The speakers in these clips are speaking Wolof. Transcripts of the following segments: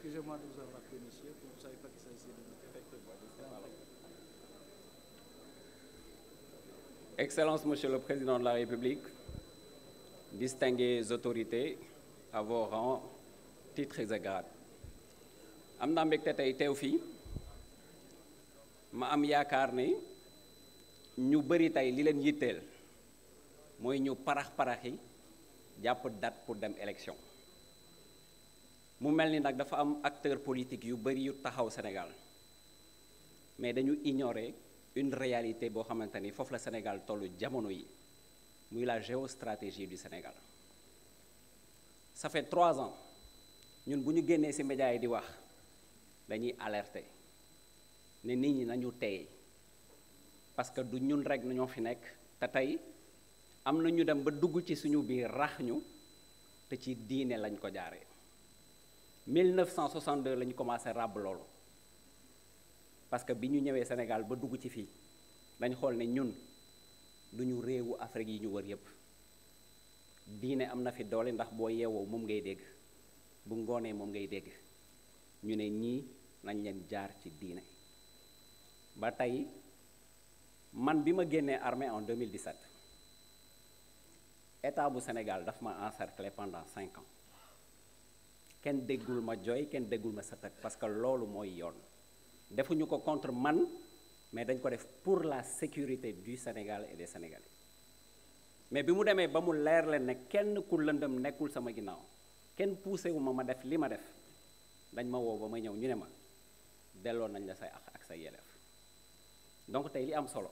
excusez monsieur, le Président de la République, distinguées autorités, à vos rangs, titres am naa mbégte tey teew fii ma am yaakaar ne ñu bëri tey li leen yitteel mooy ñu parax-paraxi jàpp date pour dem élection mu mel ni nag dafa am acteur politique yu bari yu taxaw Sénégal mais dañu ignorer une réalité boo xamante ni foofu la Sénégal tollu jamono yi muy la géostratégie du Sénégal ça fait trois ans ñun bu ñu génnee si médias yi di wax dañuy alerte ne nit ñi nañu tey parce que du ñun rek nañoo fi nekk te tey am na ñu dem ba dugg ci suñu biir rax ñu te ci diine lañ ko jaaree 1962 la ñu commencé ràbb loolu parce que bi ñu ñëwee Sénégal ba dugg ci fii dañ xool ne ñun du ñu réewu Afrique yi ñu wër yépp diine am na fi doole ndax boo yeewoo moom ngay dégg bu ngoonee moom ngay dégg ñu ne ñii nañ leen jaar ci diine ba tey man bi ma génnee armée en 2017 état bu Sénégal dafa ma encerclé pendant cinq ans kenn déggul ma jooy kenn déggul ma satak parce que loolu mooy yoon defuñu ko contre man mais dañ ko def pour la sécurité du Sénégal et des Sénégalais mais bi mu demee ba mu leer leen ne kenn ku lëndëm nekkul sama ginnaaw kenn poussé wu ma ma def li ma def dañ ma woo ba ma ñëw ñu ne ma delloo nañ la say àq ak say yelleef donc tey li am solo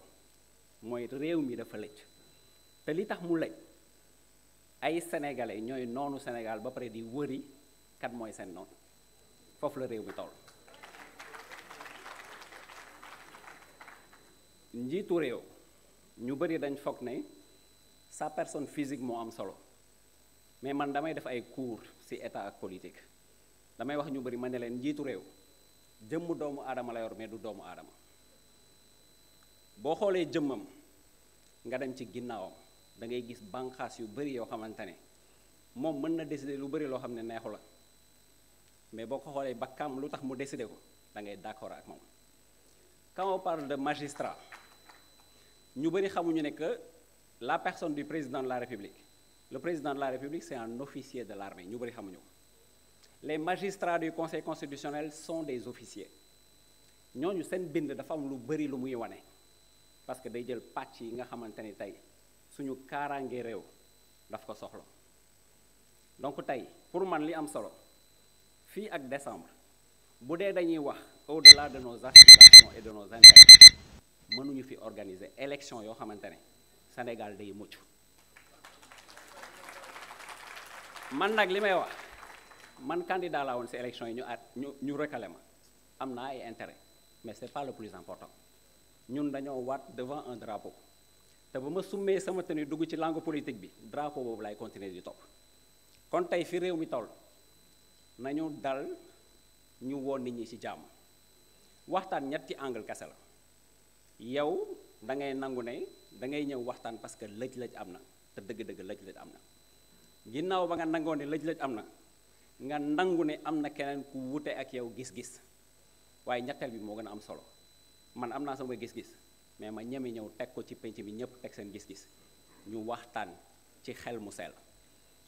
mooy réew mi dafa lëcc te li tax mu lëj ay sénégale ñooy noonu Sénégal ba pare di wëri kan mooy seen noonu foofu la réew mi toll njiitu réew ñu bëri dañ foog ne sa personne physique moo am solo mais man damay def ay cours ci état ak politique damay wax ñu bëri ma ne leen njiitu réew jëmm doomu aadama la yor mais du doomu aadama boo xoolee jëmmam nga dem ci ginnaawam dangay gis bànqaas yu bari yoo xamante ne moom mën na décider lu bari loo xam ne neexu la mais boo ko xoolee ba kam lu tax mu décidé ko da ngay d'accord ak moom quand on parle de magistrat ñu bëri xamuñu ne que la personne du président de la république le président de la république c'est un officier de l'armée ñu bëri xamuñu ko les magistrats du conseil constitutionnel sont des officiers ñooñu seen bind dafa am lu bëri lu muy wane parce que day jël pàcc yi nga xamante ni tey suñu kaaraange réew daf ko soxla donc tey pour man li am solo fii ak décembre bu dee dañuy wax au la de nos aspirations et de nos intérêts mënuñu fi organiser élection yoo xamante ne Sénégal day mucc man nag li may wax man candidat laa woon ci élection yi ñu at ñu ñu recalé ma am naa ay intérêt mais c'est pas le plus important ñun dañoo waat devant un drapeau te ba ma summee sama tenue dugg ci langue politique bi drapeau boobu laay continuer di topp kon tey fi réew mi toll nañu dal ñu woo nit ñi ci jàmm waxtaan ñetti angle kese la yow da ngay nangu ne dangay ñëw waxtaan parce que lëj-lëj am na te dëgg-dëgg lëj-lëj am na ginnaaw ba nga nangoo ne lëj-lëj am na nga nangu ne am na keneen ku wute ak yow gis-gis waaye ñetteel bi moo gën a am solo man am naa sama gis-gis mais ma ñeme ñëw teg ko ci pénc bi ñëpp teg seen gis-gis ñu waxtaan ci xel mu sell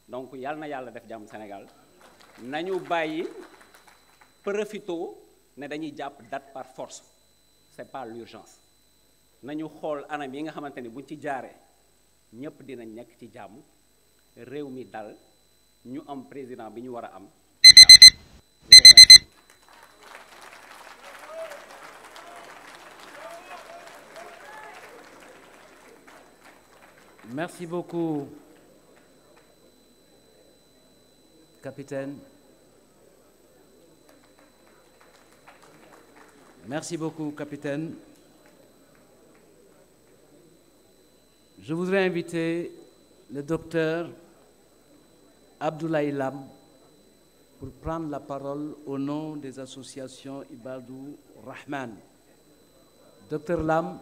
donc yàlla na yàlla def jàmm Sénégal nañu bàyyi profito ne dañuy jàpp date par force c'est pas l'urgence nañu xool anam yi nga xamante ni buñ ci jaare ñépp dinañ nekk ci jàmm réew mi dal ñu am président bi ñu war a am capitaine. Merci beaucoup, capitaine. Je voudrais inviter le docteur Abdoulaye Lam pour prendre la parole au nom des associations Ibadou Rahman. Docteur Lam,